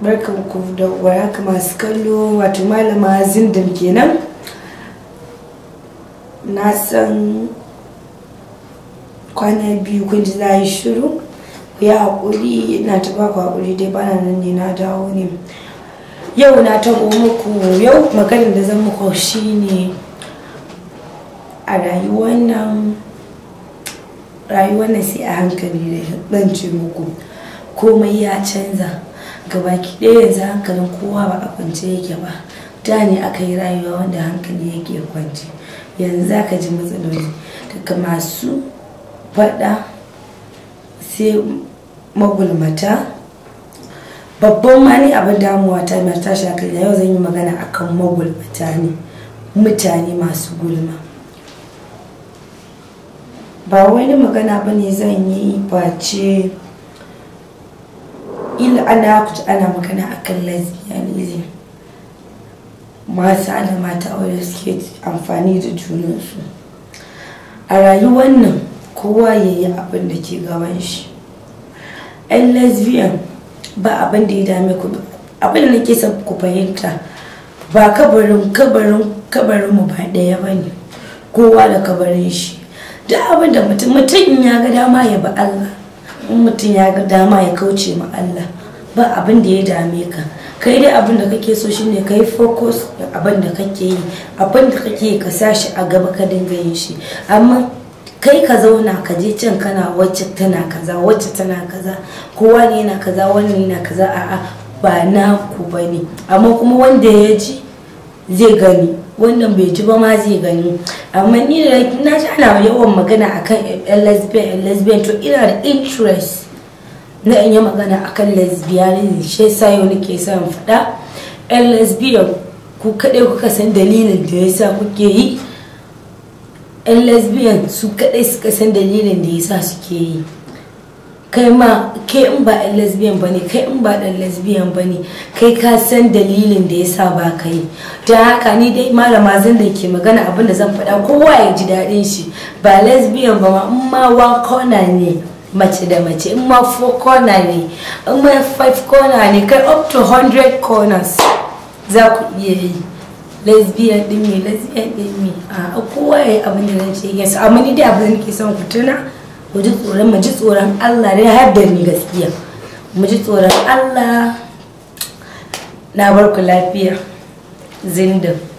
barkan ku da warhaka masu kallo wato malama zindan kenan na san kwana biyu kun ji na yi shiru ku yi haƙuri na ta ba ku haƙuri dai bana nan ne na dawo ne yau na taɓo muku yau maganin da zan muku shi ne a rayuwar nan rayuwar nan sai a hankali da ɗan ce muku komai ya canza gabaki ɗaya yanzu hankalin kowa ba a kwance yake ba da ne aka yi rayuwa wanda hankali yake kwance yanzu za ka ji matsaloli daga masu faɗa sai magulmata babban ma ne abin damuwa ta mai ta shakali yau zan yi magana akan magulmata ne mutane masu gulma ba wani magana ba ne zan yi ba ce. ila ana kuci ana magana akan lesbianism masu ana mata aure suke amfani da junansu a rayuwar nan kowa ya yi abin da ke gaban shi yan lesbian ba abin da ya dame ku abin da nake son ku fahimta ba kabarin kabarin kabarin mu ba ɗaya ba ne kowa da kabarin shi duk abin da mutum mutum ya ga dama ya ba Allah in mutum ya ga dama ya kauce ma Allah ba abin da ya dame ka kai dai abin da kake so shine kai focus da abin da kake yi abin da kake yi ka sashi a gaba ka dinga yin shi amma kai ka zauna ka je can kana wacce tana kaza wacce tana kaza kowa ne yana kaza wani yana kaza a'a ba na ku bane amma kuma wanda ya ji zai gani wannan bai ji ba ma zai gani amma ni da na ji ana yawan magana akan yan lesbian lesbian to ina da interest na in yi magana akan lesbianism shi sa yau nake son faɗa yan lesbian ku kaɗai kuka san dalilin da yasa kuke yi yan lesbian su kaɗai suka san dalilin da yasa suke yi kai ma kai in ba ɗan lesbian bane kai in ba ɗan lesbian bane kai ka san dalilin da yasa ba ka yi haka ni dai malama zan da ke magana abin da zan faɗa kowa ya ji daɗin shi ba lesbian ba ma in ma one kona ne mace da mace in ma four kona ne in ma five kona ne kai up to hundred corners za ku iya yi lesbian ɗin me lesbian ɗin me a kowa ya yi abin da zan ce yes amma ni dai abin da ke son ku tuna mu ji tsoron mu ji tsoron Allah dai har da gaskiya mu ji tsoron Allah na barku lafiya zindin